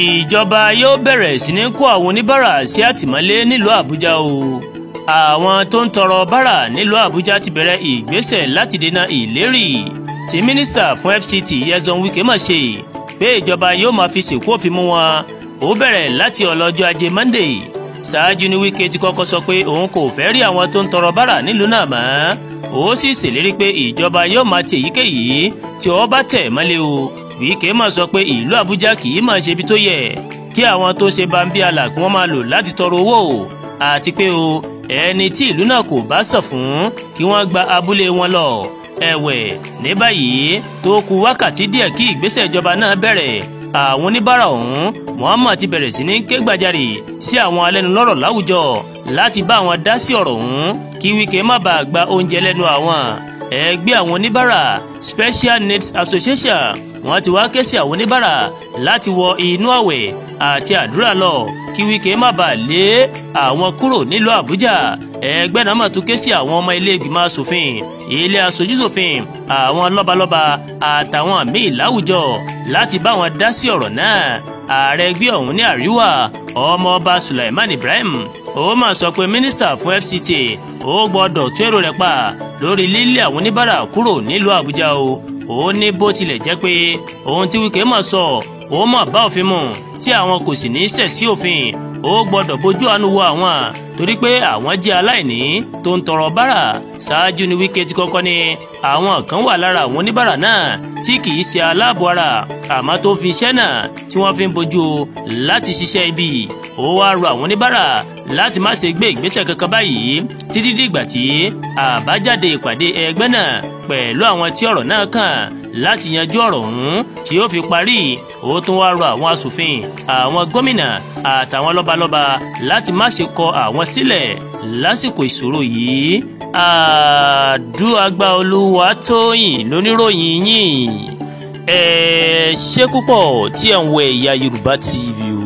ìjọba yóò bẹ̀rẹ̀ sí ní kó àwọn oníbàárà sí àtìmọ́lé nílùú àbújá o àwọn tó ń tọrọ bàárà nílùú àbújá ti bẹ̀rẹ̀ ìgbésẹ̀ láti dènà ìlérí tí mínísítà fún fct yẹzon wike mà ṣe pé ìjọba yóò máa fi sèkú òfin mú wọn ó bẹ̀rẹ̀ láti ọlọ́jọ́ ajé monday ṣáájú ni wike ti kọ́kọ́ sọ pé òun kò fẹ́ rí àwọn tó ń tọrọ bàárà nílùú náà mọ́ ó sì ṣèlérí pé ìjọba yóò máa ti èyíkéyìí tí ó bá tẹ̀ mọ́lé o Wike mọ̀ sọ pé ìlú Àbújá kì í mọ̀ ṣe ibi tó yẹ kí àwọn tó ṣe bambiala kí wọ́n máa lò láti tọrọ owó àti pé o ẹni tí ìlú náà kò bá sàn fún kí wọ́n gba abúlé wọn lọ ẹ̀wẹ̀ ní báyìí tó kù wákàtí díẹ̀ kí ìgbésẹ̀ ìjọba náà bẹ̀rẹ̀ àwọn oníbàárà ọ̀hún Muhammad ti bẹ̀rẹ̀ sí ní ké gbàjarè sí àwọn alẹ́nulọ́rọ̀ láwùjọ láti bá àwọn dá sí ọ̀rọ̀ ọ̀hún kí Wike má bàa gba oúnjẹ lẹ́nu àwọn ẹgbẹ́ àwọn oníbàárà Special Needs Association wọ́n ti wá ké sí àwọn oníbàárà láti wọ inú àwẹ̀ àti àdúrà lọ kí Wike má bàa lé àwọn kúrò nílùú Àbújá ẹgbẹ́ náà mà tún ké sí àwọn ọmọ ilé ìgbìmọ̀ asòfin ilé aṣojúṣòfin àwọn lọ́balọ́ba àtàwọn míì láwùjọ láti bá wọn dá sí ọ̀rọ̀ náà ààrẹ ẹgbẹ́ ọ̀hún ní àríwá ọmọọba Sulaiman Ibrahim ó mà sọ pé mínísítà fún FCT ó gbọ́dọ̀ tún èrò rẹ̀ pa lórí lílé àwọn oníbàárà kúrò nílùú Àbújá o ó ní bó tilẹ̀ jẹ́ pé ohun tí Wike mọ̀ sọ ó mọ̀ bá òfin mu tí àwọn kò sì ní ṣẹ̀ sí òfin ó gbọ́dọ̀ bójú àánú wo àwọn torí pé àwọn jẹ́ aláìní tó ń tọrọ bárà ṣáájú ni Wike ti kọ́kọ́ ní àwọn kan wà lára àwọn oníbàárà náà tí kì í ṣe aláàbò ara àmọ́ tó fi iṣẹ́ náà tí wọ́n fi ń bójú láti ṣiṣẹ́ ibi ó wá rọ àwọn oníbàárà láti má ṣe gbé ìgbésẹ̀ kankan báyìí títí dìgbà tí àbájáde ìpàdé ẹgbẹ́ náà pẹ̀lú àwọn tí ọ̀rọ̀ náà kàn láti yanjú ọ̀rọ̀ ọ̀hún tí ó fi parí ó tún wá rọ àwọn asòfin àwọn gómìnà àtàwọn lọ́balọ́ba láti má ṣe kọ àwọn sílẹ̀ lásìkò ìṣòro yìí àdúràgbà olúwa tóyìn lóníròyìn yìí ẹ ṣé púpọ̀ tí ẹ̀ ń wo Ẹ̀yà Yorùbá TV o.